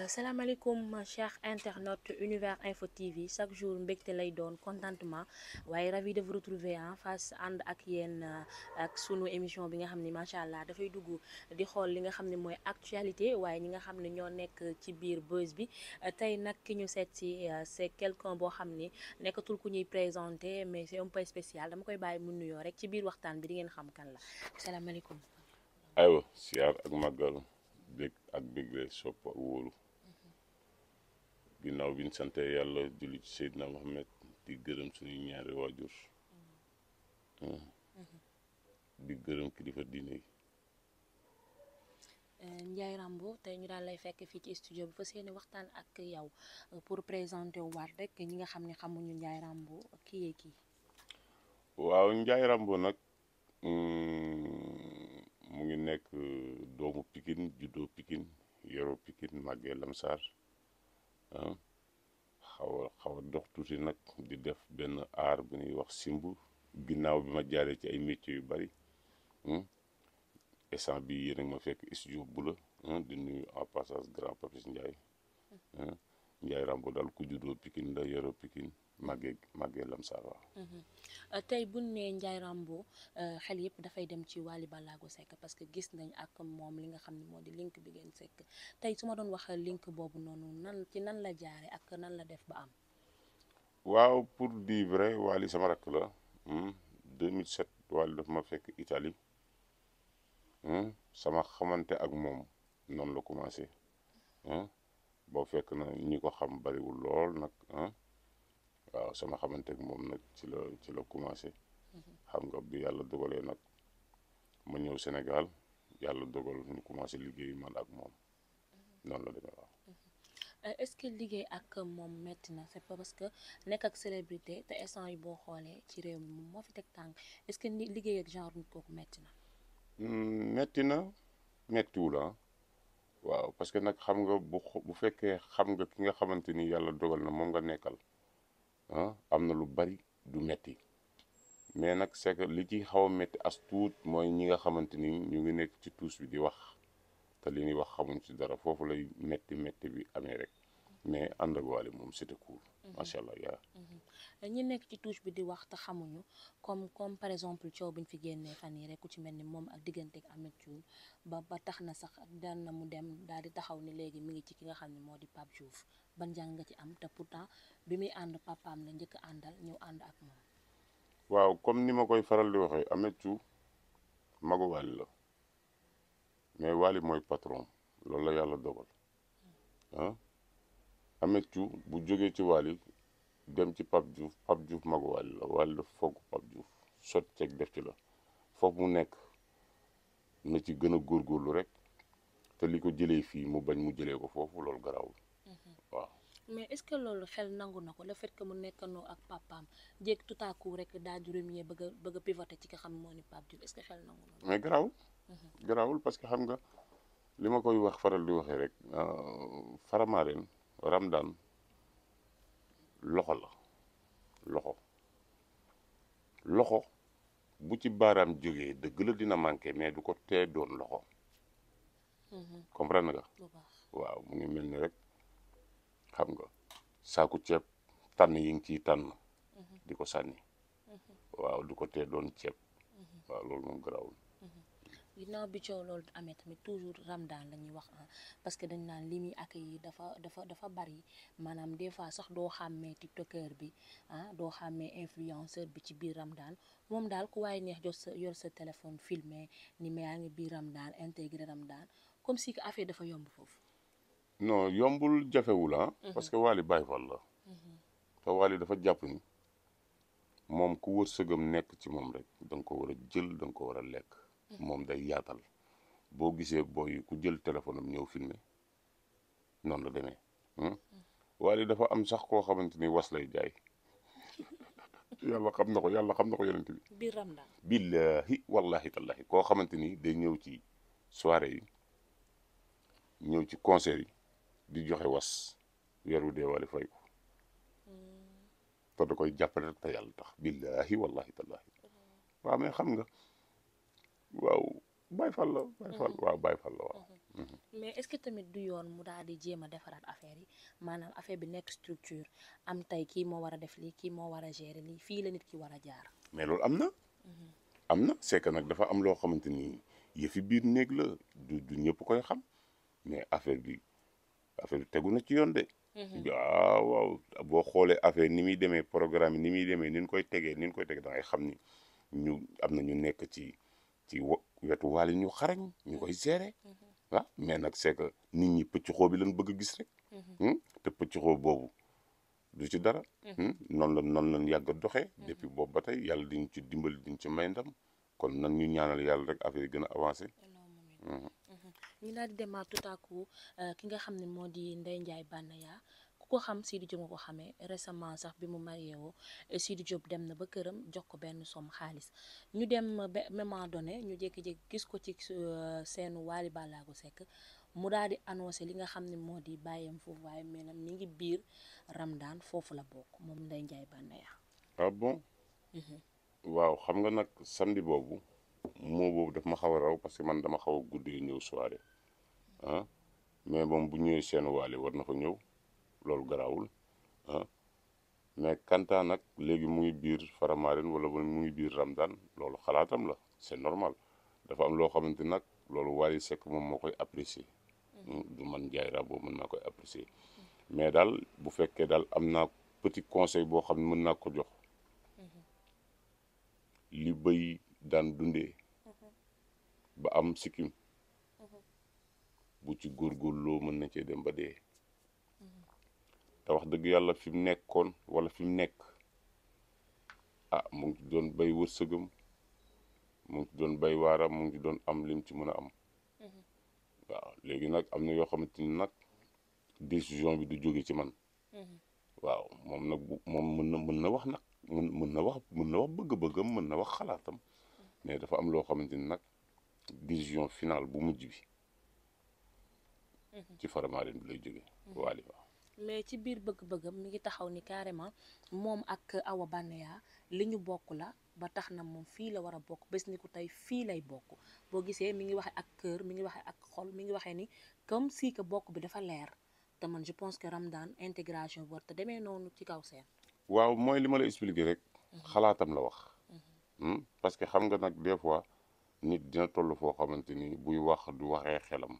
Euh, salaamaaleykum chers internautes univers info TV chaque jour mbégte lay doon contentement waaye rab de vous retrouver en face ànd ak yéen euh, ak sunu émission bi nga xam ni macha allah dafay dugg di xool li nga xam ne mooy actualité waaye ñi nga xam ne ñoo nekk ci biir buzz bi euh, tey nag ki ñu seet si c'est quelqu'un boo xam ni nekkatul ku ñuy présenter mais c'est un peu spécial dama koy bàyyi mu nuyoo rek ci biir waxtaan bi di ngeen xam kan la salaamaaleykum. ginnaaw bi ñu sante yàlla julli ci Mohamed di gërëm suñuy ñaari waajur mm-hmm. Mm-hmm. di gërëm kilifa diine yi eh, Ndiaye Rambo te ñu daal lay fekk fii ci studio bi fa seeni waxtaan ak yow euh, pour présenté présenter waat rek ñi nga xam ne xamuñu Ndiaye Rambo kii yee kii waaw Ndiaye Rambo nag mm, mu ngi nekk euh, doomu Pikine juddoo Pikine yoroo Pikine màggee Lamsar ah xaw a xaw dox tuuti nag di def benn aar bu ñuy wax simbu ginnaaw bi ma jaaree ci ay métiers yu bari essence hmm? bi yéen ma fekk studio bu hmm? di nuyu en passage grand Papis Ndiaye. Hmm? Ndiaye Rambo daal ku juddoo Pikine la yoroo Pikine màggee màggee lam saar waaw mhm. euh, tey bu ne Ndiaye Rambo euh, xel yëpp dafay dem ci Wally Ballago sekk parce que gis nañ ak moom li nga xam ne moo di link bi ngeen sekk tey su ma doon wax link boobu noonu nan ci nan la jaare ak nan la def ba am waaw pour dire vrai Wally sama rakk la 2007 hmm? Wally dafa ma fekk Italie hmm? sama xamante ak moom noonu la commencé hmm? boo fekk na ñi ko xam bariwul lool nag waaw sama xamante ak moom nag ci la ci la commencé. xam nga bi yàlla dogalee nag ma ñëw Sénégal yàlla dogal ñu commencé liggéey man ak moom noonu la demee waaw. Euh, est-ce que liggéey ak moom métti na c'est pas parce que nekk ak célébrité te instant yi boo xoolee ci réew mi tànk est-ce que liggéey ak genre nit kooku metti na. métti hmm, na méttiwul ah. waaw parce que nag xam nga bu bu fekkee xam nga ki nga xamante ni yàlla dogal na moom nga nekkal. ah am na lu bari du metti mais nag c'est li ciy xaw a métti as tuut mooy ñi nga xamante ni ñu ngi nekk ci tuus bi di wax te li ñuy wax xamuñ si dara foofu lay metti metti bi amee rek mais ànd ak Wally moom c'était cool. Mhm. macha allah yaa mhm. ñu nekk ci touche bi di wax te xamuñu comme comme par exemple coow bi fi génnee fan yi rek ku ci mel ni moom ak diggante ak Ameth Thiou tax na sax daan na mu dem daal di taxaw ni léegi mi ngi ci ki nga xam ne moo di Pape Diouf ban jàng ci am te pour temps bi muy ànd papaam la njëkk àndal ñëw ànd ak moom. waaw comme ni ma koy faral di waxee Ameth Thiou magu Wally la mais Wally mooy patron loolu la yàlla dogal ah. Ameth Thiou bu jógee ci Wally dem ci Pape Diouf Pape Diouf magu Wally la Wally dafa foog Pape Diouf sot ceeg def ci la foofu mu nekk na ci gën góor góorlu rek te li ko jëlee fii mu bañ mu jëlee ko foofu loolu garaawul mhm. waaw mais est-ce que loolu xel nangu na ko le fait que mu nekkandoo ak papaam jéeg tout à rek daa juróomiyee bëgg a bëgg a pivoter ci ka xam moo ni Pape Diouf est-ce que xel nangu na mais garaawul mhm. garaawul parce que xam nga li ma koy wax faral di waxee rek euh, Faramareen ramdaan loxo la loxo loxo bu ci baaraam jógee dëgg la dina manqué mais du ko tee doon loxo mhm. comprendre nga waaw mu ngi mel ni rek xam nga saaku ceeb tànn yi ngi ciy tànn mhm. di ko sànni mhm. waaw du ko tee doon ceeb waaw loolu moom garaawul ginnaaw bi coow loolu amee tamit toujours Ramadan la ñuy wax parce que dañ naan li muy accueillir dafa dafa dafa bari maanaam des fois sax doo xàmmee tiktoker bi ah doo xàmmee influenceur bi ci biir Ramadan moom daal ku waaye neex jot sa yor sa téléphone filmer ni ma yaa ngi biir Ramadan intégré Ramadan comme si que affaire dafa yomb foofu. non yombul jafewul ah. parce que Wally Baye Fall la. Mhm. te Wally dafa jàpp ni moom ku wërsëgam nekk ci moom rek da ko war a jël da ko war a lekk. moom day yaatal boo gisee booy ku jël téléphone am ñëw filmé noonu la demee hmm? waaye dafa am sax koo xamante ni was lay jaay yàlla xam na ko yàlla xam na ko yonent bi biir Ramadan billahi wallahi tallahi koo xamante ni day ñëw ci soirée yi ñëw ci concert yi di joxe was weer wu deewaale fay ko hmm. da koy jàppale rek te yàlla tax billahi wallahi tallahi hmm. waaw xam nga waaw Baye Fall la Baye mm-hmm. waaw Baye Fall waaw. Mm-hmm. Mm-hmm. mais est-ce que tamit du yoon mu daal di jéem a defaraat affaire yi maanaam affaire bi nekk structure am tey kii moo war a def lii kii moo war a gérer lii fii la nit ki war a jaar. mais loolu am na. am na c'est nag dafa am loo xamante ni yëfi biir néeg la ñëpp koy xam mais affaire bi affaire bi tegu na ci yoon de. Ah, boo xoolee affaire ni muy demee programme ni muy demee ni koy tegee ni koy tegee da ngay xam ni ñu am na ñu nekk ci. ci wetu waali ñu xarañ ñu koy gérer waaw mm-hmm. ah, mais nag c'est nit ñi pëcc xoo bi lañ bëgg a gis rek mm-hmm. hmm? te pëcc xoo boobu du ci dara mm-hmm. hmm? noonu la noonu lañ yàgg a doxee depuis boobu ba tey yàlla diñ ci dimbali diñ ci may ndam kon nan ñu ñaanal yàlla rek affaire yi gën a avancé hmm. euh, ki nga xam ne moo di Ndeye Ndiaye Banaya ko xam Sidi Diop nga ko xamee récemment sax bi mu marié woo di Diop dem na ba këram jox ko benn somme xaalis ñu dem ba moment donné ñu jékki-jékki gis ko ci euh, seenu Wally ko sekk mu daal di annoncé li nga xam ne moo di bàyyam foofu waaye maanaam mi ngi biir Ramadan foofu la bokk moom Ndeye Ndiaye Banaya ah bon mhm. xam nga nag samedi boobu moo boobu ma xaw a raw que man dama xaw a guddee ñëw soirée ah mais moom bu ñëwee seen waale war na fa ñëw loolu garaawul ah. mais kantaa nag léegi mu ngi biir Faramaren wala mu ngi biir Ramdan loolu xalaatam la c'est normal dafa am loo xamante nag loolu Wally Seck moom moo koy apprécier mm-hmm. man Ndiaye Rabo mën naa koy apprécier mais daal bu fekkee daal am naa petit conseil boo xam ne mën naa ko jox mm-hmm. li bëy daan dundee mm-hmm. ba am sikkim bu ci góorgóorloo mën na cee dem ba dee te wax dëgg yàlla fi mu nekkoon wala fi mu nekk ah mu ngi doon bay wërsëgam mu ngi doon bay waaram mu ngi doon am lim ci mën a am mm-hmm. waaw léegi nag am na yoo xamante ni nag décision bi du jóge ci man mm-hmm. waaw moom nag bu moom mën na mën na wax nag mën na wax mën na wax mën na wax xalaatam mm-hmm. mais dafa am loo xamante ni nag décision finale bu mujj bi ci Faramareen bi lay jóge waali mais ci biir bëgg-bëggam mi ngi taxaw ni carrément moom ak Awa Banaya li ñu bokk la ba tax na moom fii la war a bokk bés ni ku tey fii lay bokk boo gisee mi ngi waxee ak cœur mi ngi waxee ak xol mi ngi waxee ni comme si que bokk bi dafa leer te man je pense que Ramdan intégration war te demee noonu ci kaw seen. waaw mooy li ma la expliquer rek. Mhm. xalaatam la wax. Mhm. Hmm? parce que xam nga nag des fois nit dina toll foo xamante ni buy wax du waxee xelam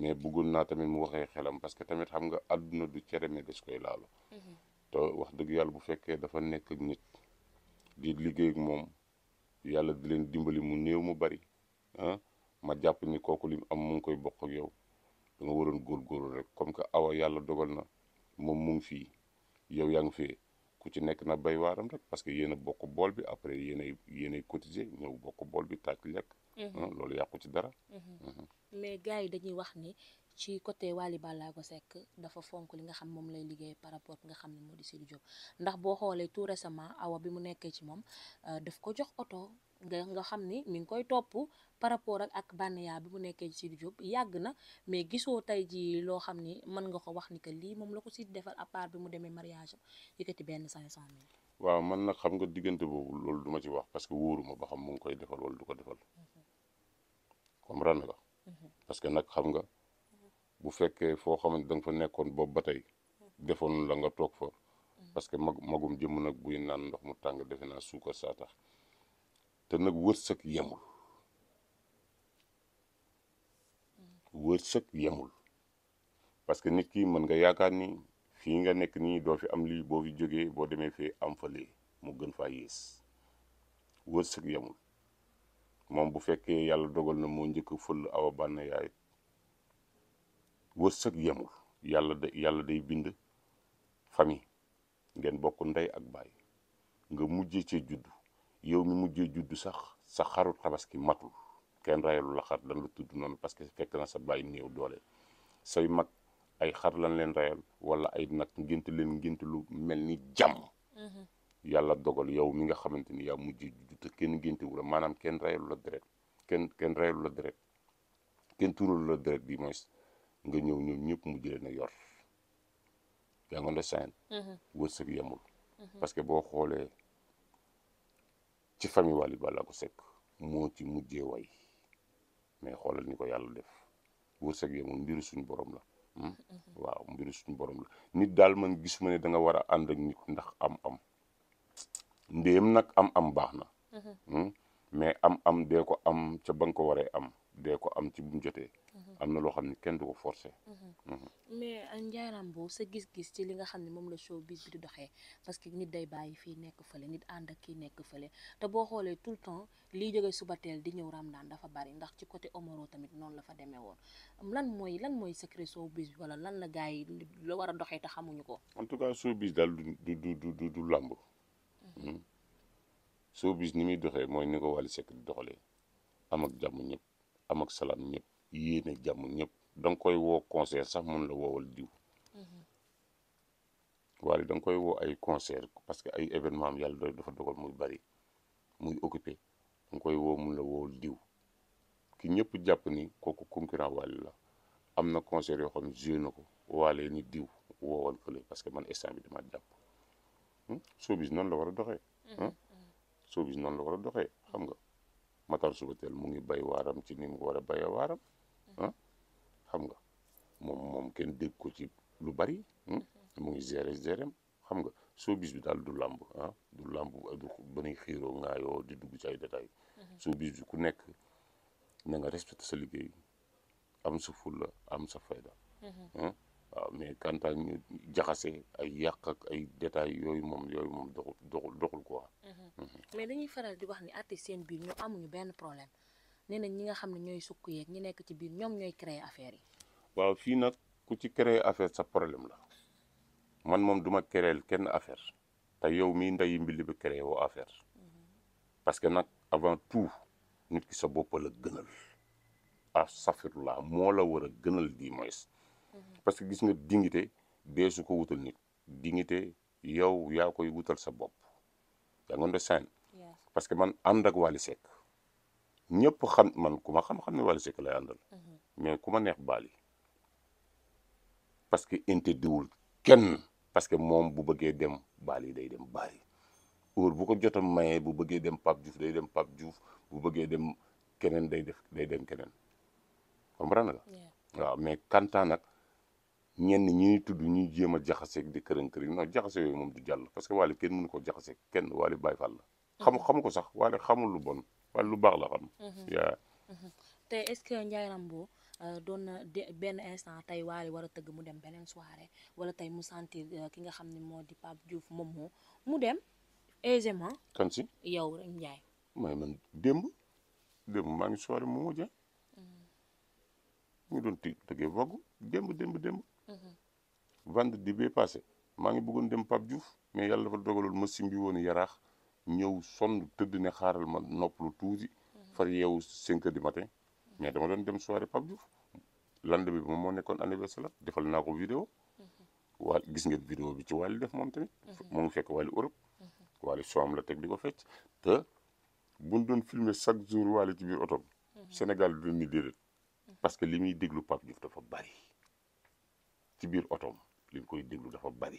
mais bëggoon naa tamit mu waxee xelam parce que tamit xam nga àdduna du cere mais des koy laalu mhm. te wax dëgg yàlla bu fekkee dafa nekk nit di liggéey ak moom yàlla di leen dimbali mu néew mu bari ah ma jàpp ni kooku li am mu ngi koy bokk yow da nga góor góorgóorlu rek comme que awa yàlla dogal na moom mu fii yow yaa ngi fee ku ci nekk na bay waaram rek parce que yéen a bokk bool bi après yéen ay yéen ay cotiser ñëw bokk bool bi tàkk lekk Mm-hmm. Ah, loolu yàqu ci dara. Mm-hmm. Mm-hmm. mais gars yi dañuy wax ni ci côté Wally ko Seck dafa fonk li nga xam moom lay liggéey par rapport nga xam ne moo di Sidy Diop ndax boo xoolee tout récemment awa bi mu nekkee ci moom euh, daf ko jox oto nga xam ni mi ngi koy topp par rapport ak ak bànneyaa bi mu nekkee ci Sidy Diop yàgg na mais gisoo tey ji loo xam ni mën nga ko wax ni que lii moom la ko Sidy defal à part bi mu demee mariage yëkkati benn cinq cent mille waaw man nag xam nga diggante boobu loolu duma ci wax parce que wóoruma ba xam mu ngi koy defal wala du ko defal. comprendre nga mhm. parce que nag xam nga bu fekkee foo xamante da fa nekkoon boobu ba tey defoon la nga toog fa mhm. parce que mag magum jëmm nag buy naan ndox mu tàng defe naa suukar saa tax te nag wërsëg yemul mhm. wërsëg yemul parce que nit ki mën nga yaakaar ni fi nga nekk nii doo fi am lii boo fi jógee boo demee fee am fa lee mu gën fa yées wërsëg yemul moom bu fekkee yàlla dogal na moo njëkk fël awa bànn yaay wërsëg yemul yàlla da yàlla day bind famille ngeen bokk ndey ak baay nga mujjee cee juddu yow mi mujjee juddu sax sa xaru tabaski matul kenn reyalu la xar dañ la tudd noonu parce que fekk na sa baay néew doole say mag ay xar lañ leen rayal wala ay nag ngént leen ngént lu mel ni jàmm mm-hmm. yàlla dogal yow mi nga xamante ni yaa mujj juddu te kenn géntewula maanaam kenn reyalu la deret kenn kenn reyalu la deret kenn tuuralu la deret bi mooy nga ñëw ñëw ñëpp mujj leen a yor yaa ngi understand mm-hmm. wërsëg yemul mm-hmm. parce que boo xoolee ci famille Wally Ballago Seck moo ci mujjee way mais xoolal ni ko yàlla def wërsëg yemul mbiru suñu borom la hmm? mm-hmm. waaw mbiru suñ borom la nit daal man gisuma ne da nga war a ànd ak nit ndax am am ndéem nag am-am baax na. Mhm. Hmm? mais am-am dee ko am ca ba nga ko waree am dee ko am ci bu mu jotee. Mhm. am na loo xam ne kenn du ko forcé. Mhm. mais euh, Ndiaye gis-gis ci li nga xam ne moom la showbiz bi di doxee parce que nit day bàyyi fii nekk fële nit ànd ak kii nekk fële te boo xoolee tout le temps liy jógee suba teel di ñëw Ramadane dafa bari ndax ci côté Omaro tamit noonu la fa demee woon lan mooy lan mooy secret showbiz bi wala lan la gars yi la war a doxee te xamuñu ko. en tout cas showbiz daal du du du du du làmb. Hmm. showbiz ni muy doxee mooy ni ko Wally Seck di doxalee am ak jàmm ñëpp am ak salaam ñëpp yéene jàmm ñëpp da nga koy woo concert sax mun la woowal diw. Mm-hmm. Wally da koy woo ay concert parce que ay événement am yàlla dafa dogal muy bari muy occupé da nga koy woo mun la woowal diw ki ñëpp jàpp ni kooku concurrent Wally la am na concert yoo xam ne joué na ko Wally ni diw woowal fële parce que man instant bi dama jàpp. Hmm? showbiz noonu la war a doxee. Hmm, hmm? showbiz noonu la war a doxee xam nga Matar Subatel mu ngi bay waaram ci ni mu war a bayee waaram. xam nga moom moom kenn dégg ko ci lu bari. mu ngi gérer gérer xam nga showbiz bi daal du làmb ah du làmb du ba nuy xiiroo ngaayoo di dugg ci ay détails. showbiz bi ku nekk na nga respecté sa liggéey am sa fulla am sa fayda. waaw mais quant ñu jaxase ay yàq ak ay détails yooyu moom yooyu moom doxul doxul ko quoi. Mm-hmm. Mm-hmm. mais dañuy faral di wax ni artistes seen biir ñoom amuñu benn problème nee nañ ñi nga xam ne ñooy sukk yeeg ñi nekk ci biir ñoom ñooy créer affaire yi. waaw fii nag ku ci créer affaire sa problème la man moom duma créer kenn affaire te yow mii ndeyi mbili bi créer woo affaire mm-hmm. parce que nag avant tout nit ki sa bopp la gënal ah safirulaa moo la war a gënal di moins. parce que gis nga dignité deesu ko wutal nit dignité yow yaa koy wutal sa bopp yaa ngoon de parce que man ànd ak Wally Seck ñëpp xam man ku ma xam-xam ne Wally Seck lay àndal mm-hmm. mais ku ma neex baali parce que interdiwul kenn parce que moom bu bëggee dem baali day dem baali óor bu ko jotam mayee bu bëggee dem Pape Diouf day dem Pape Diouf bu bëggee dem keneen day def dem keneen comprendre nga waaw mais kantaan nag ñenn ñuy tudd ñuy jéem a jaxaseeg di këram kër yi non jaxase moom du jàll parce que Wally kenn mënu ko jaxaseeg kenn Wally Baye Fall la. xam mhm. xamu ko sax Wally xamul lu bon Wally lu baax la xam. Mhm. yaa mhm. te est-ce que Ndiaye Rambo euh, doon na benn instant tey Wally war a tëgg mu dem beneen soirée wala tey mu sentir euh, ki nga xam ne moo di Pape Diouf moom moo mu dem aisément. kan si yow rek Ndiaye. may man démb démb maa ngi soirée mu mujjee. mu doon tëggee waggu démb démb démb. Mm-hmm. di bee passé maa ngi bëggoon dem Pape Diouf mais yàlla dafa dogaloon ma simbi woon yaraax ñëw sonn tëdd ne xaaral ma noppalu tuuti mm-hmm. far yeewu 5 heures di matin mais dama doon dem soirée Pape Diouf lande bi moom moo nekkoon anniversaire defal naa ko vidéo mm-hmm. waa gis ngeen vidéo bi ci wàllu def moom tamit. mu ngi fekk wàllu Europe. wàllu soam la teg di ko fecc te bu ñu doon filmer chaque jour wàllu ci biir oto bi. Sénégal du ni déedéet. parce que li muy déglu Pape Diouf dafa bari. ci biir otoom li mu koy déglu dafa bari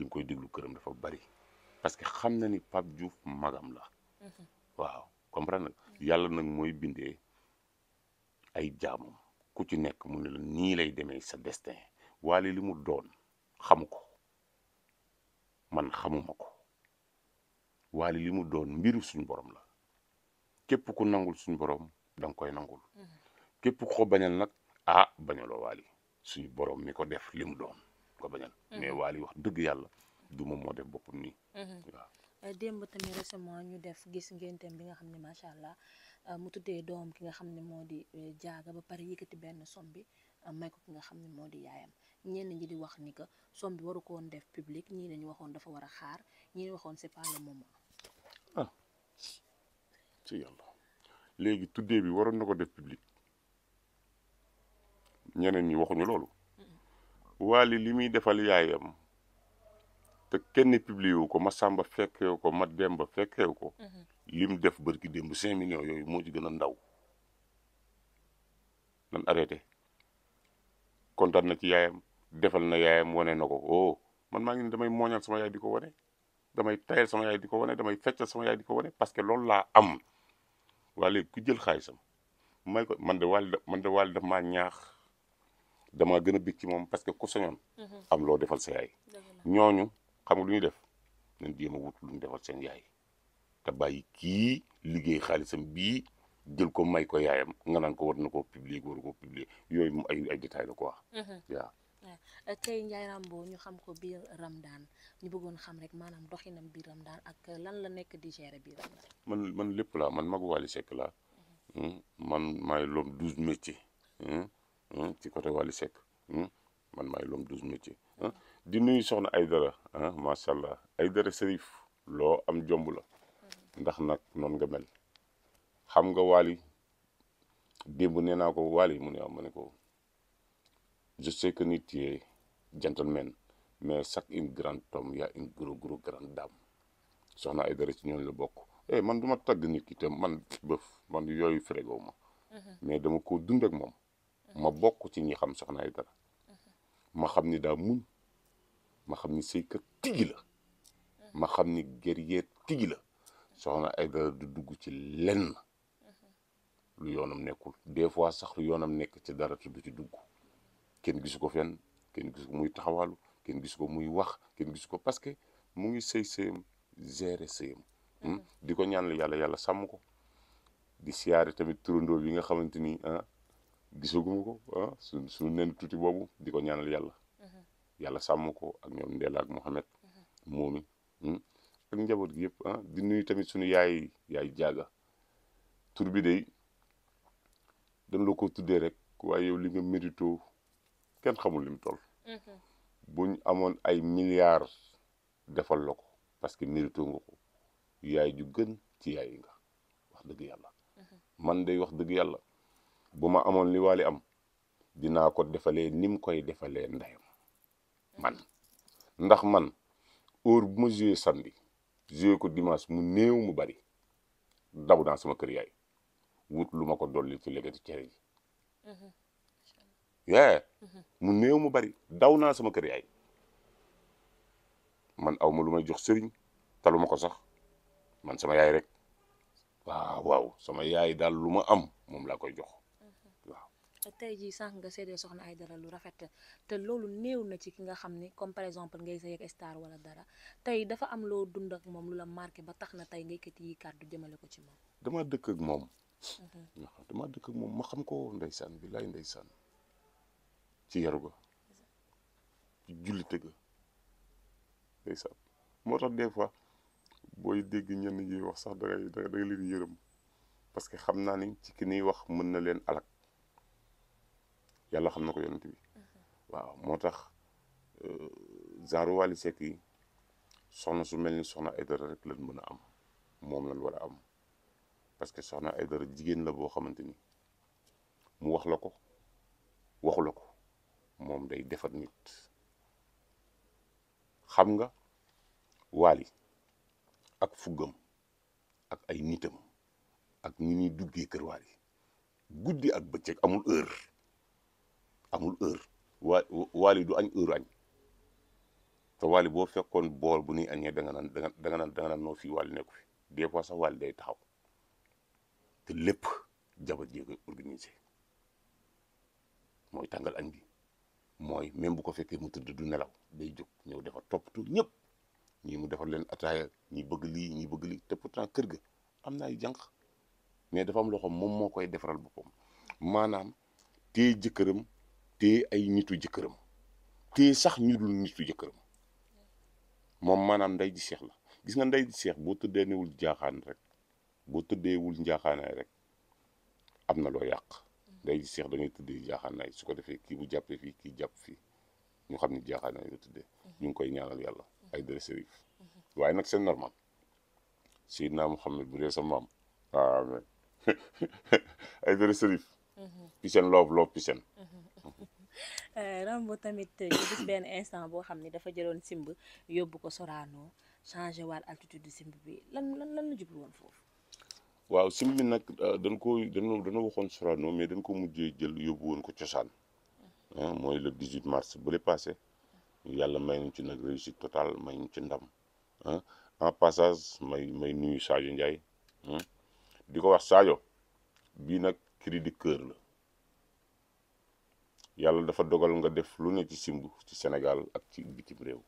li koy déglu këram dafa bari parce que xam na ni Pape Diouf magam la waaw comprendre nga yàlla nag mooy bindee ay jaamam ku ci nekk mu ne la nii lay demee sa destin waale li mu doon xamu ko man xamuma ko waale li mu doon mbiru suñ borom la képp ku nangul suñu borom da koy nangul mm-hmm. képp ko bañal nag ah bañaloo waali suñu borom mi ko def li mu doon ko bañal mhm. mais waali wax dëgg yàlla du moom moo def boppam nii mhm. waaw euh, démb tamit récemment ñu def gis ngénteem bi nga xam ne macha allah euh, mu tuddee doom ki nga xam ne moo di jaaga euh, ba pare yëkkati benn som bi may ko ki nga xam ne moo di yaayam ñenn ñi di wax ni que som bi waru ko def publique ñii dañu waxoon dafa war a xaar ñii waxoon c'est pas le moment. ah léegi tuddee bi waroon na ko def public ñeneen ñi waxuñu loolu Wally li muy defal yaayam te kenn publié wu ko Massamba fekkeewu ko ma Demba fekkeewu ko mhm. lim def bërki démb cinq millions yooyu moo ci na ndaw nan arrêté kontaan na ci yaayam defal na yaayam wane na ko oh man maa ngi ne damay mooñal sama yaay di ko wane damay tayal sama yaay di ko wane damay feccal sama yaay di ko wane parce que loolu laa am waa léegi ku jël xaalisam may man de Wally man de Wally daf maa ñaax dama gën a bég ci moom parce que ku sañoon mhm. am loo defal sa yaay ñooñu xam nga lu ñuy def nañ jéem a wut lu ñu defal seen yaay te bàyyi kii liggéey xaalisam bii jël ko may ko yaayam nga naan ko war na koo publier waru ko publier yooyu moom ay ay détails la quoi. waaw. Mhm. Euh, tey Ndiaye Rambo ñu xam ko biir Ramadan ñu bëggoon xam rek maanaam doxinam biir Ramadan ak lan la nekk di gérer biir Ramadan. man lépp laa man magu Wally Seck laa. Mhm. Hmm? man maay loom douze métiers. Hmm? ci côté Wally Seck man maay l'homme douze métiers di nuyu soxna Aydara ah macha allah ay Aydara Serif loo am jomb la ndax nag noonu nga mel xam nga Wally démb nee naa ko Wally mu ne am ma ne ko je sais que nit yee gentleman mais chaque une grande tombe y a une gros gros grande dame soxna Aydara ci ñooñu la bokk eh man du ma tagg nit ki te man bëf man yooyu frégo ma mm-hmm. mais dama ko dund moom. ma bokk ci ñi xam soxna Aidara ma xam ni daa muñ ma xam ni sëykat tigi la ma xam ni guerrier tigi la soxna Aidara du dugg ci lenn lu yoonam nekkul des fois sax lu yoonam nekk ci dara te du ci dugg kenn gisu ko fenn kenn gisu ko muy taxawaalu kenn gisu ko muy wax kenn gisu ko parce que mu ngi sëy sëyam gérer sëyam hmm? mm-hmm. di ko ñaanal yàlla yàlla sàmm ko di siyaare tamit turandoo bi nga xamante ni ah, gisaguma ko ah su suñu nen tuuti boobu di ko ñaanal yàlla mm-hmm. yàlla sàmm ko ak ñoom Ndella ak Mohamed moomi mm-hmm. hmm, ak njaboot gi yëpp ah di nuyu tamit suñu yaay yaay jaaga tur bi day dañ la ko tuddee rek waaye yow li nga mérito kenn xamul lim toll mm-hmm. ñu amoon ay milliards defal la ko parce que mérito nga ko yaay ju gën ci yaay nga wax dëgg yàlla man day wax dëgg yàlla bu ma amoon li Wally am dinaa ko defalee ni mu koy defalee ndeyam man ndax man heure bu ma joué samedi joué ko dimanche mu néew mu bari daw naa sama kër yaay wut lu ma ko dolli ci légati cere ji mm-hmm. yee mm-hmm. mu néew mu bari daw naa sama kër yaay man aw ma lu may jox sëriñ talu ma ko sax man sama yaay rek waaw waaw sama yaay daal lu ma am moom laa koy jox tey jii sànq nga seedee soxna ay dara lu rafet te loolu néew na ci ki nga xam ni comme par exemple ngay sa yeg star wala dara tey dafa am loo dund ak moom lu la marqué ba tax na tey ngay kat yi kàddu jëmale ko ci moom. damaa dëkk ak moom. Mhm. damaa dëkk moom ma xam ko ndeysaan bi laay ndeysaan ci yaru ci jullite ga ndeysaan moo tax des fois booy dégg ñenn ñi wax sax dangay dangay leen yërëm parce que xam naa ni ci ki niy wax mën na leen alak. yàlla xam na ko yonent bi waaw moo tax euh, genre Wally Seck yi soxna su mel ni soxna Aïdara rek lañ mën a am moom lañ war a am parce que soxna Aïdara jigéen la boo xamante ni mu wax la ko waxu la ko moom day defar nit xam nga Wally ak fuggam ak ay nitam ak ni ñuy duggee kër Wally guddi ak bëccëg amul heure amul heure waa waali du añ heure añ te waali boo fekkoon bool bu nuy añee da nga naan danga nga naan da nga naan noo fii waali nekku fi des fois sax waali day taxaw te lépp jabar jee koy organisé mooy tàngal añ bi mooy même bu ko fekkee mu tëdd du nelaw day jóg ñëw defar toppatoo ñëpp ñii mu defar leen ataaya ñi bëgg lii ñi bëgg lii te pourtant kër ga am na ay jànq mais dafa am loxo moom moo koy defaral boppam maanaam téye jëkkëram téye ay nitu jëkkëram téye sax ñu dul nitu jëkkëram moom maanaam nday ji seex la gis nga nday di seex boo tëddee newul jaxaan rek boo tëddeewul njaaxaanaay rek am na loo yàq nday di seex da ngay tëddee jaaxaanaay su ko defee kii bu jàppee fii kii jàpp fii ñu xam ne jaaxaanaay la tëddee ñu ngi koy ñaanal yàlla ay dara sérif waaye nag c'est normal Seydina Muhammad bu dee sa maam waaw ay dara sérif pisen loof loof Eh, Rambo tamit ñu eh, benn instant boo xam ne dafa jëloon simb yóbbu ko Sorano changé waat altitude simb bi lan lan la jublu woon foofu. waaw simb bi nag eh, dañ ko dañoo dañoo waxoon Sorano mais dañ ko mujjee jël yóbbu woon ko cosaan. mooy le 18 mars bu le passé. yàlla may ñu ci nag réussite total may ñu ci ndam. en passage may may nuyu Sadio Ndiaye. di ko wax Sadio bii nag cri du cœur la. yàlla dafa dogal nga def lu ne ci simb ci senegal ak ci bitim réew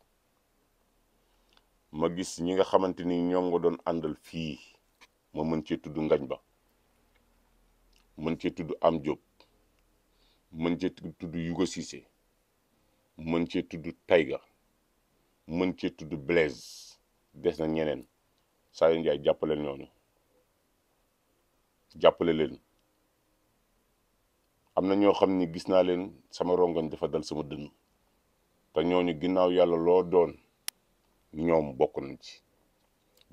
ma gis ñi nga xamante ni ñoom nga doon àndal fii ma mën cee tudd ngañ ba mën cee tudd am Diop mën cee tudd Yugo Cissé mën cee tudd Tayga mën cee tudd Blaise des na ñeneen Sadio Ndiaye jàppale ñooñu jàppale leen am na ñoo xam ni gis naa leen sama rongoñ dafa dal sama dënn te ñoo ñooñu ginnaaw yàlla loo doon ñoom bokk nañ ci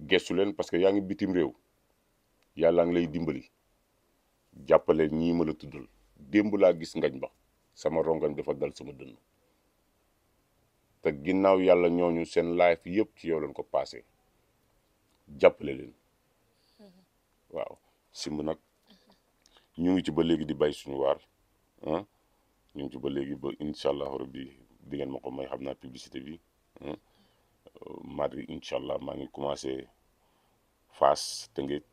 gesu leen parce que yaa ngi bitim réew yàlla ngi lay dimbali jàppale ñii ma la tuddal démb laa gis ngañ ba sama rongoñ dafa dal sama dënn te ginnaaw yàlla ñooñu seen life yëpp ci yow lañ ko paase jàppale leen mm-hmm. waaw simb nag ñu ngi ci ba léegi di bay suñu waar ah ñu ngi ci ba léegi ba incha allahu rabbi di ngeen ma ko may xam naa publicité bi euh, mardi incha allah maa ngi commencé Fass Tëngéej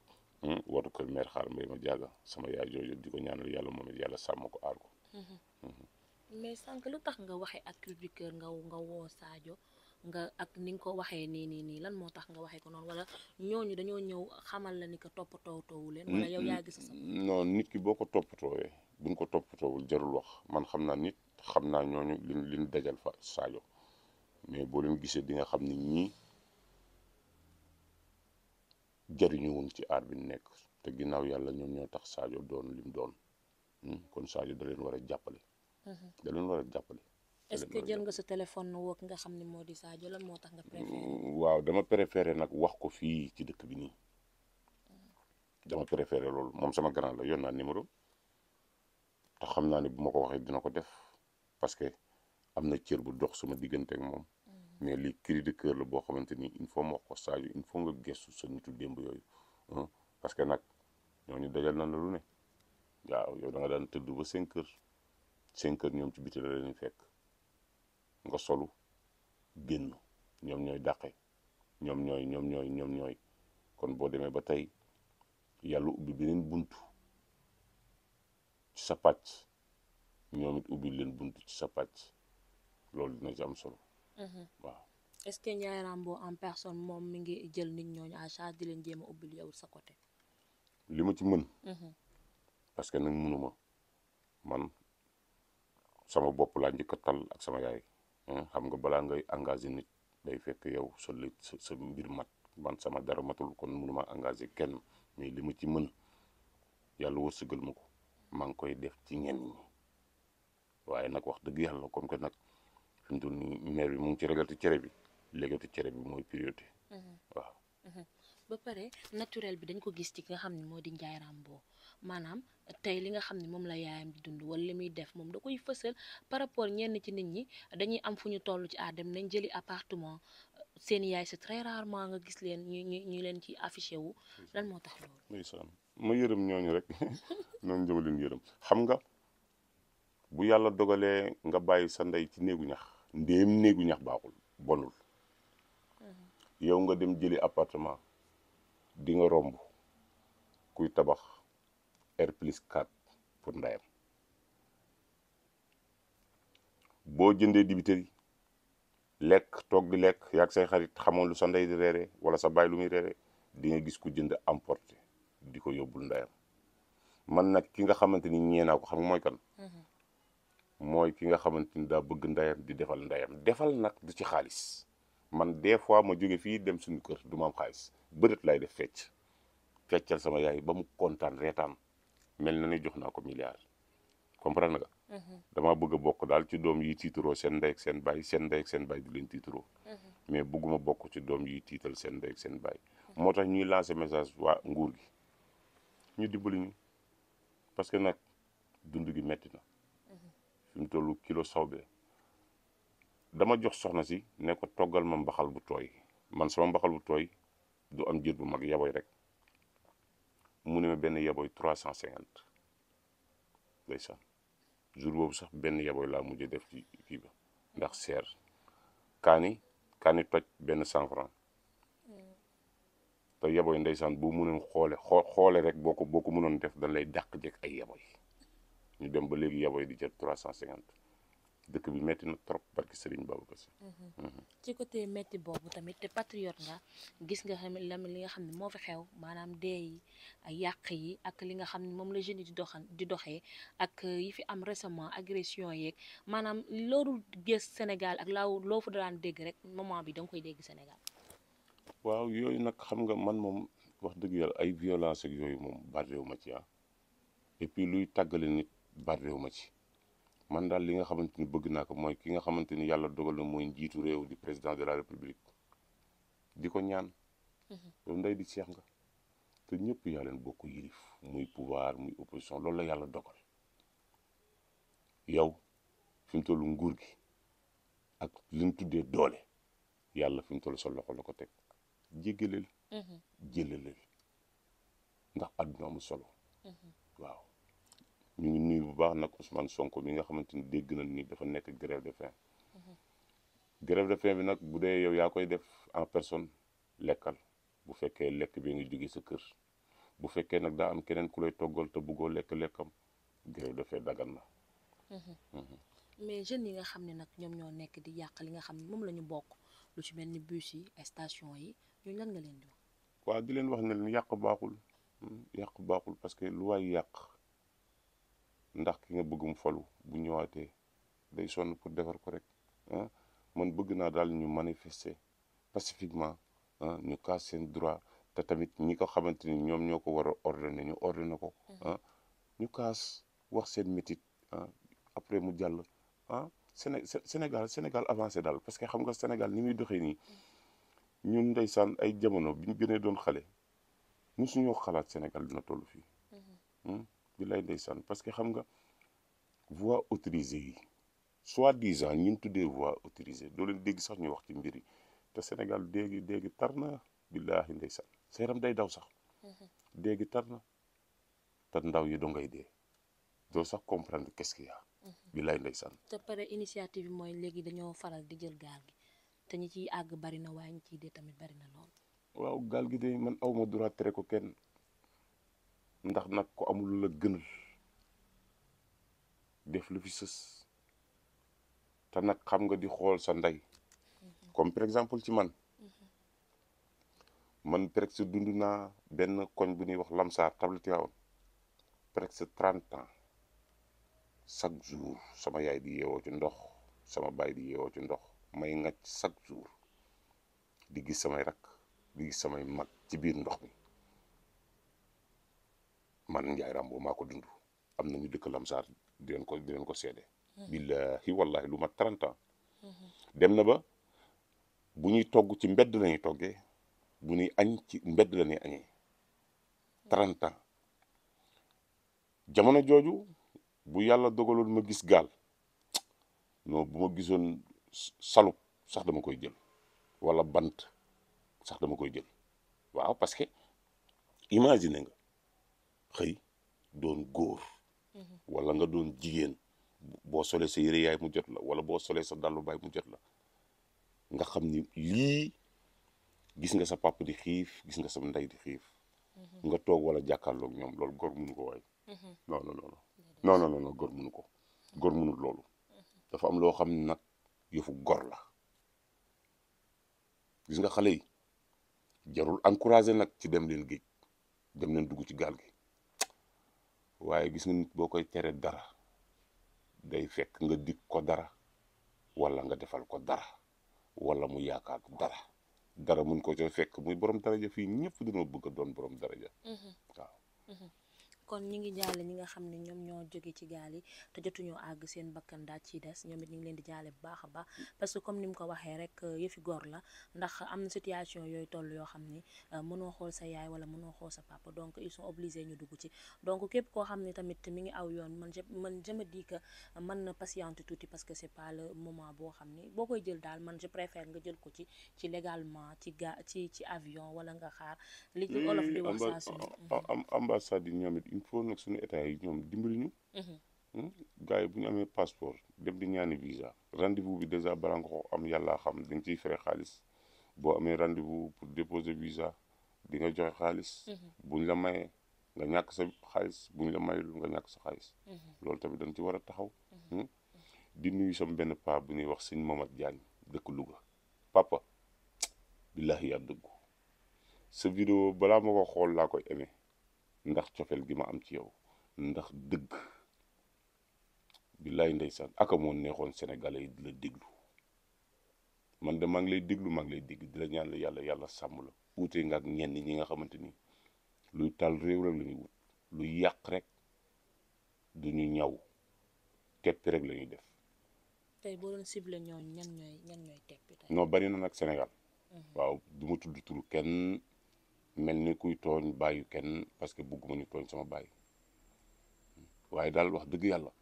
watu kër meer xaar mbay ma jaaga sama yaay jooju di ko ñaanal yàlla moom yàlla sàmm ko aar ko. Mm-hmm. Mm-hmm. mais sànq lu tax nga waxee ak sacré nga woo Sadio nga ak ni nga ko waxee nii nii nii lan moo tax nga waxee ko noonu wala ñooñu dañoo ñëw xamal la ni ko toppatoo toowu leen. wala mm-hmm. yow yaa gis sa non nit ki boo ko toppatoowee buñ ko toppatoowul jarul wax man xam naa nit xam naa ñooñu liñ liñ dajal fa Sadio mais boo leen gisee di nga xam ni ñii jariñu woon ci aar bi nekk te ginnaaw yàlla ñoom ñoo tax Sadio doon lim doon hmm? kon Sadio da leen war a jàppale. Mhm. da leen war a jàppale. est-ce que jël nga sa téléphone woo ki nga xam ni moo di Sadio lan moo tax nga préféré. Hmm, waaw dama préféré nag wax ko fii ci dëkk bi nii. Mhm. dama préféré loolu moom sama grand la yoon naa numéro. te xam naa ne bu ma ko waxee dina ko def parce que am na cër bu dox sama digganteek moom mm-hmm. mais lii cri kër la boo xamante ni il faut ma wax ko Sadio il faut nga gestu sa nitu démb yooyu parce que nag ñooñu dajal nan la lu ne waaw yow da nga daan tëdd ba cinq heures cinq ñoom ci biti la leen fekk nga solu génn ñoom ñooy dàqe ñoom ñooy ñoom ñooy ñoom ñooy kon boo demee ba tey yàlla ubbi beneen buntu ci sa pàcc ñoom it leen bunt ci sa pàcc loolu dina ci am solo. Mhm. ce que Ndiaye en personne moom mi ngi jël nit ñooñ à charge di leen jéem a ubbil yow sa côté. li ma ci mën. Mhm. parce que nag mënuma man sama bopp laa njëkk a tal ak sama yaay xam nga balaa ngay engagé nit day fekk yow sa sa mbir mat man sama dara matul kon mënuma engagé kenn mais li ma ci mën yàlla wërsëgal ma ko. maa ngi koy def ci ñenn ñi waaye nag wax dëgg yàlla comme que nag fi mu toll nii maire bi mu ngi ci regaltu cere bi léegatu cere bi mooy priorité. Mm-hmm. waaw. Mm-hmm. ba pare naturel bi dañ ko gis ci ki nga xam ne moo di Ndiaye Rambo maanaam tey li nga xam ni moom la yaayam di dund wala li muy def moom da koy fësal par rapport ñenn ci nit ñi dañuy am fu ñu toll ci ah dem nañ jëli appartement seen yaay c'est très rarement nga gis leen ñu ñu ñu leen ci affiché wu lan moo tax loolu. ma yërëm ñooñu rek noonu dama leen yërëm xam nga bu yàlla dogalee nga bàyyi sa ndey ci néegu ñax ndéem néegu ñax baaxul bonul mm-hmm. yow nga dem jëli appartement di nga romb kuy tabax R plus 4 pour ndayam boo jëndee dibiteri lekk toog di lekk yaag say xarit xamoon lu sa ndey di reere wala sa baay lu muy reere di nga gis ku jënd emporté di ko yóbbul ndayam man nag ki nga xamante ni ñee naa ko xam mooy kan mhm. mooy ki nga xamante ni daa bëgg ndayam di defal ndeyam defal nag du ci xaalis man des fois ma jóge fii dem suñu kër du ma xaalis bërët lay def fecc feccal sama yaay ba mu kontaan reetaan mel na ni jox naa ko milliard comprendre nga mhm. dama bëgg bokk daal ci doom yi tiituroo seen ndey seen baay seen ndey seen baay di leen tiituroo mhm. mais bëgguma bokk ci doom yi tiital seen ndey ak seen baay moo tax ñuy lancer message waa nguur gi ñu dimbali ñu parce que nag dund gi metti na mhm. fi mu tollu kilo sawbe dama jox soxna si ne ko toggal ma mbaxal bu tooy man sama mbaxal bu tooy du am jër bu mag yaboy rek mu ne ma benn yaboy trois cent cinquante ndeysaan jour boobu sax benn yaboy laa mujj def ci kii ba ndax seer kaani kaani toj benn cent franc te yaboy ndeysaan bu mënoon xoole xoo xoole rek boo ko boo ko mënoon def dañ lay dàq jekk ay yaboy ñu dem ba léegi yaboy di jël trois cent cinquante dëkk bi metti na trop barki mhm. mhm. boobu tamit te patriote nga gis nga xam lam li nga xam ne moo fi xew maanaam dee yi ak yàq yi ak li nga xam ne moom la jeunes di doxan di doxee ak euh, yi fi am récemment agression yeeg maanaam loolu gis Sénégal ak laaw loo fa daan dégg rek moment bi da nga koy dégg Sénégal waaw yooyu nag xam nga man moom wax dëgg yàlla ay violence yooyu moom bariwu ma ci ah et puis luy tàggale bari bariwu ma ci man daal li nga xamante ni bëgg naa ko mooy ki nga xamante ni yàlla dogal na mooy njiitu réew di président de la république di ko ñaan loolu mhm. ndey di seex nga te ñëpp yaa leen bokk yilif muy pouvoir muy opposition loolu la yàlla dogal yow fi mu toll nguur gi ak li mu tuddee doole yàlla fi mu toll sa la ko teg jégaleel mhm. jëlaleel ndax àdduna amul solo mhm. waaw ñu ngi nuyu bu baax nag Ousmane Sonko mi nga xamante ni dégg nañ ni dafa nekk grève de faim mhm. grève de faim bi nag bu dee yow yaa koy def en personne lekkal bu fekkee lekk bi nga jóge sa kër bu fekkee nag daa am keneen ku lay toggal te bëggoo lekk lekkam grève de faim dagan na mais jeunes yi nga xam ne nag ñoom ñoo nekk di yàq li nga xam ne moom lañu bokk lu ci mel ni bus yi station yi ñooñu lan nga leen di wax. waaw di leen wax ne leen yàq baaxul yàq baaxul parce que lu waay yàq ndax ki nga bëgg mu falu bu ñëwaatee day sonn pour defar ko rek ah. man bëgg naa daal ñu manifester pacifiquement ah ñu kaas seen droit te tamit ñi ko xamante ni ñoom ñoo ko war a ordonné ñu ordonné ko. Mm. ah ñu kaas wax seen métit ah après mu jàll ah. Séné Sénégal Sénégal avancé daal parce que xam nga Sénégal ni muy doxee nii ñun ndeysaan ay jamono bi ñu gënee doon xale mosuñoo xalaat Sénégal dina toll fii. Mm-hmm. Hmm? billaay ndeysaan parce que xam nga voix autorisée yi soi-disant ñun tuddee voix autorisée doo leen dégg sax ñu wax ci mbir te Sénégal dégg dégg tar na billaahi ndeysaan sa day daw sax. dégg mm-hmm. tar na te ndaw yi doo ngay dee doo sax comprendre qu'est-ce qu'il lay mhm. billaay ndeysaan. te pare initiative bi mooy léegi dañoo faral di jël gaal gi te ñi ciy àgg bari na waaye ñi ciy dee tamit bari na lool. waaw gaal gi de man awma droit tere ko kenn ndax nag ko amul la gënal def lu fi sës te nag xam nga di xool sa ndey mhm. comme par exemple ci man mhm. man presque dund naa benn koñ bu ñuy wax Lamsaar table Tivaouane presque trente ans. chaque jour sama yaay di yeewoo ci ndox sama baay di yeewoo ci ndox may ngacc chaque jour di gis samay rakk di gis samay mag ci biir ndox mi man Ndiaye Rambo maa ko dund am na ñu dëkk Lamsaar di leen ko di leen hmm. wallahi lu ma 30 hmm. dem na ba bu ñuy togg ci mbedd lañuy toggee bu ñuy añ ci mbedd la ni añee 30 hmm. ans jooju bu yàlla dogaloon ma gis gaal non bu ma gisoon salub sax dama koy jël wala bant sax dama koy jël waaw parce que imagine nga xëy doon góor mhm. walla nga doon jigéen boo solee sa yére yaay mu jot la wala boo solee sa dallu baay mu jot la nga xam ni lii gis nga sa papa di xiif gis nga sa ndey di xiif mhm. nga toog wala jàkkaarloog ñoom loolu góor mënu ko waay mhm. non non non góor mënu ko góor mënul loolu dafa am loo xam nag yëfu gor la gis nga xale yi jarul encouragé nag ci dem leen géej dem leen dugg ci gaal gi waaye gis nga nit boo koy teree dara day fekk nga dig ko dara walla nga defal ko dara wala mu yaakaar dara dara mun ko co fekk muy borom daraja fii ñëpp dañoo bëgg a doon borom daraja mm-hmm. waaw mm-hmm. kon ñu ngi jaale ñi nga xam ne ñoom ñoo jóge ci gaal yi te jotuñoo àgg seen bakkan daal ci des ñoom it ñu ngi leen di jaale bu baax a baax parce que comme ni mu ko waxee rek euh, yëfi gor la ndax am na situation yooyu toll yoo xam ni euh, mënoo xool sa yaay wala mënoo xool sa papa donc ils sont obligés ñu dugg ci donc képp koo xam ne tamit mi ngi aw yoon man man je me dis que na patiente tuuti parce que c'est pas le moment boo xam ni boo koy jël daal man je préfère nga jël ko ci ci légalement ci ga ci ci avion wala nga xaar li il nag suñu état yi ñoom dimbali ñu. Mhm. Hmm? gars yi bu ñu amee passeport dem di ñaani visa. rendez-vous bi dèjà balaa nga ko am yàllaa xam di nga ciy fere xaalis boo amee rendez pour déposer visa di nga joxe xaalis. Mhm. buñ la mayee nga ñàkk sa xaalis buñ la mayul nga ñàkk sa xaalis. Mhm. loolu tamit dañ ci war a taxaw. Hmm? di nuyu sam benn paa bu ñuy wax sëñ Mamad Diagne dëkk luga papa billahi yaa dëggu sa vidéo balaa ma ko xool laa koy amee. ndax cofeel gi ma am ci yow ndax dëgg billaay ndeysaan aka moo neexoon sénégalais di la déglu man de maa ngi lay déglu maa lay dégg di la ñaan yàlla yàlla sàmm la uute nga ak ñenn ñi nga xamante ni luy tal réew rek la wut luy yàq rek du ñu ñaw teppi rek la ñuy def. tey boo doon ciblé bari na nag Sénégal. Mhm. waaw du tudd turu kenn. mel ni kuy tooñ bàyyu kenn parce que bugguma ñu tooñ sama bàyyi waaye daal wax dëgg yàlla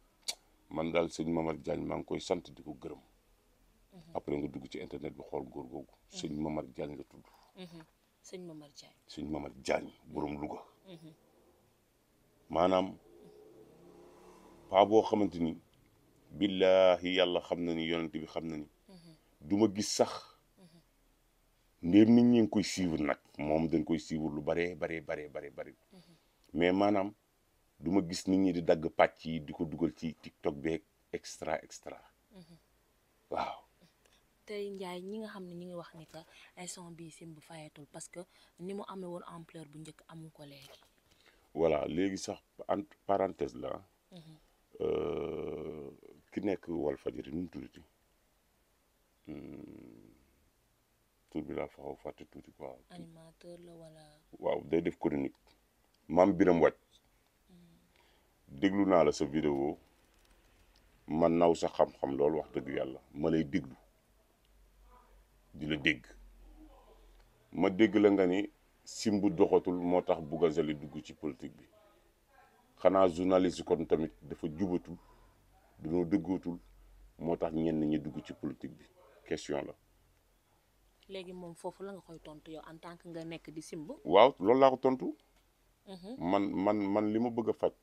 man daal sëñ Mamar Diagne maa koy sant di ko gërëm mhm. après nga dugg ci internet bi xool góor googu mhm. sëñ Mamar Diagne la tudd mhm. sëñ Mamar Diagne sëñ Mamar Diagne borom Louga maanaam paa boo xamante ni billaahi yàlla xam na ni yonent bi xam na ni duma gis sax ndéem nit ñi ngi koy suivre nag moom dañ koy suivre lu baree baree baree baree bari mhm. mais maanaam du ma gis nit ñi di dagg pàcc yi di ko dugal ci TikTok beeg extra extra mhm. waaw. tey Ndiaye ñi nga xam ne ñu ngi wax ni que instant bii Simb fayatul parce que ni mu amee woon ampleur bu njëkk amu ko léegi. voilà léegi sax entre parenthèse la mhm. euh, ki nekk Walfadjri nu mu tur bi laa fa xaw fàtte tuuti quoi. waaw day def chronique. maam Biram Wàcc déglu naa la sa vidéo man naw sa xam-xam loolu wax dëgg yàlla ma lay déglu di la dégg ma dégg la nga ni simbu doxatul moo tax bugga Bougazelli dugg ci politique bi xanaa journaliste kon tamit dafa jubatul dañoo dëggootul moo tax ñenn ñi dugg ci politique bi question la. léegi moom foofu la nga koy tontu yow en tant que nga nekk di simb. waaw loolu laa ko tontu. Mhm. man man man li ma bëgg a faj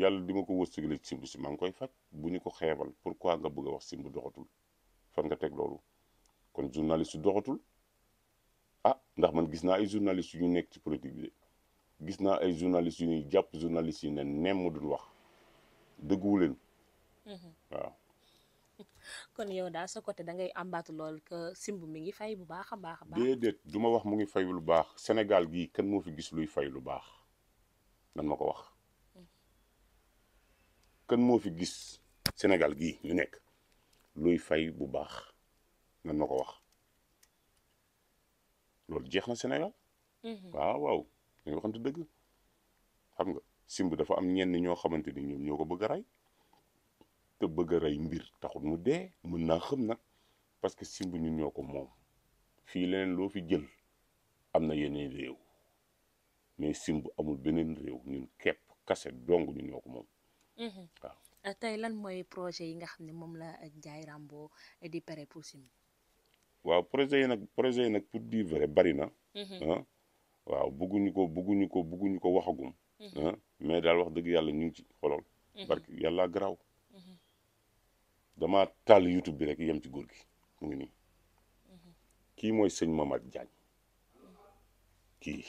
yàlla di ma ko wërsëgalee ci simb si maa ngi koy faj bu ñu ko xeebal pourquoi nga bëgg a wax simb doxatul fan nga teg loolu kon journaliste doxatul ah ndax man gis naa ay journaliste yu ñu nekk ci politique bi de gis naa ay journaliste yu ñuy jàpp journaliste yi ne nemm duñ wax dëgguwu leen mhm. waaw. kon yow daal sa côté da ngay ambaatu lool simb mi ngi fay bu baax a baax baax. déedéet du ma wax mu ngi fay lu baax Sénégal gii kenn moo fi gis luy fay lu baax nan ma ko wax. kenn moo fi gis Sénégal gii ñu nekk luy fay bu baax nan ma ko wax loolu jeex na Sénégal. Mhm. waaw waaw dañuy waxante dëgg xam nga simb dafa am ñenn ñoo xamante ni ñoom ñoo ko bëgg a rey. te bëgg a rey mbir taxul mu dee mën naa xam nag parce que simb ñun ñoo ko moom fii leen loo fi jël am na yeneen réew mais simb amul beneen réew ñun képp kase dong ñun ñoo ko moom mhm. waaw euh, tey lan mooy projet yi nga xam ne moom la Ndiaye Rambo di pare pour simb waaw projet yi nag projet nag pour dire vrai bari na mhm. ah. waaw bëgguñu ko bëgguñu ko bëgguñu ko waxagum mhm. ah. mais daal wax dëgg yàlla ñu ngi ci xolol barke yàlla garaaw dama taal YouTube bi rek yem ci góor mu ngi nii kii mooy sëñ Mamad Diagne kii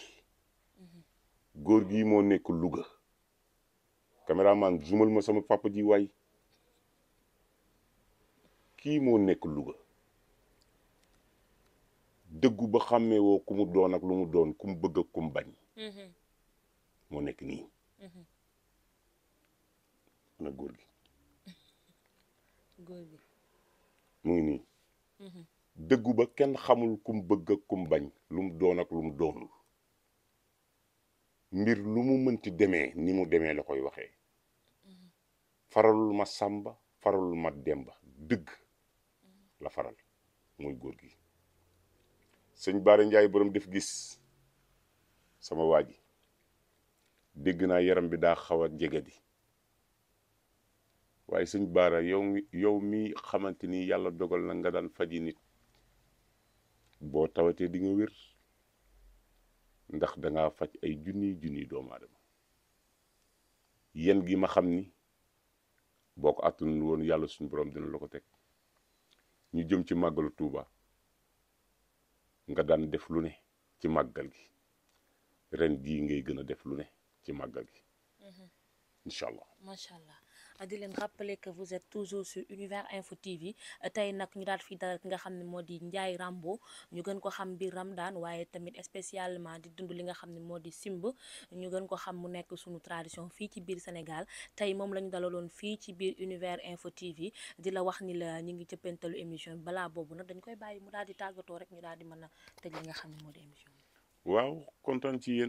góor gii moo nekk Louga caméraman zoomal ma sama papa ji waay kii moo nekk Louga dëggu ba xàmmee woo ku mu doon ak lu mu doon ku mu bëgg ak bañ mm-hmm. moo nekk nii mm-hmm. na góor gi mu ngi nii. Mhm. dëggu ba kenn xamul kum bëgg ak kum bañ lu mu doon ak lu mu doonul mbir lu mu mënti demee ni mu demee la koy waxee mhm. faralul ma sàmba faralul ma demba dëgg mhm. la faral mooy góor gi sëñ Baara Njaay boroom def gis sama waaj ji dégg naa yaram bi daa xaw a jege di waaye sëñ baara yow mi xamante ni yàlla dogal na nga daan faji nit boo tawatee di nga wér ndax danga faj ay junniy junniy doomu aadama yéen gi ma xam ni boo ko àttanul woon yàlla suñu boroom dina la ko teg ñu jëm ci màggalu tuuba nga daan def lu ne ci màggal gi ren gi ngay gën a def lu ne ci màggal gi mm-hmm. incha di leen rappeler que vous êtes toujours sur Univers Info TV tey nag ñu daal fii dalal ki nga xam ne moo di Ndiaye Rambo ñu gën ko xam biir Ramadan waaye tamit spécialement di dund li nga xam ne moo di simb ñu gën ko xam mu nekk suñu tradition fii ci biir Sénégal tey moom la ñu dalaloon fii ci biir Univers Info TV di la wax ni la ñu ngi jëppantalu émission bi balaa boobu nag dañu koy bàyyi mu dal di tàggatoo rek ñu daal di mën a tëj li nga xam ne moo di émission bi. waaw kontaan ci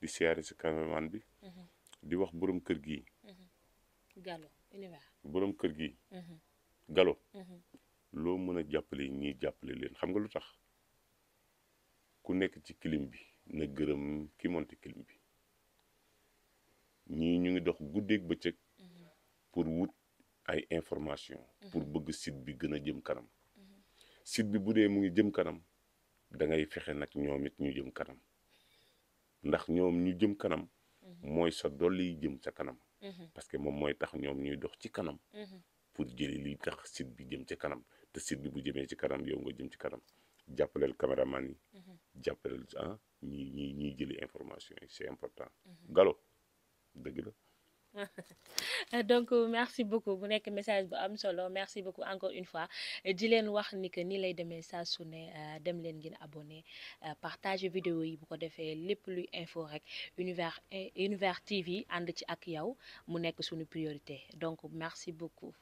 di siyaare si cameraman bi. Mhm. di wax borom kër gi mhm. Gallo kër gi mhm. galo loo mën a jàppale ñii jàppale leen xam nga lu tax ku nekk ci clim bi na gërëm ki monte clim bi ñii ñu ngi dox guddeeg bëccëg pour wut ay information pour bëgg site bi gën a jëm kanam site bi bu dee mu ngi jëm kanam dangay fexe nag ñoom it ñu jëm kanam ndax ñoom ñu jëm kanam. Mhm. mooy sa dolli yi jëm sa kanam. Mhm. parce que moom mooy tax ñoom ñuy dox ci kanam. Mhm. pour jëli li tax site bi jëm ci kanam te site bi bu jëmee ci kanam yow nga jëm ci kanam jàppaleel caméraman yi. jàppaleel ah ñi ñi ñiy jëli information yi c'est important. Galo dëgg la. donc merci beaucoup bu nekk message bu am solo merci beaucoup encore une fois di leen wax ni que nii lay demee saa su ne euh, dem leen ngir abonné euh, partage vidéo yi bu ko defee lépp luy info rek univers univers TV ànd ci ak yow mu nekk suñu priorité donc merci beaucoup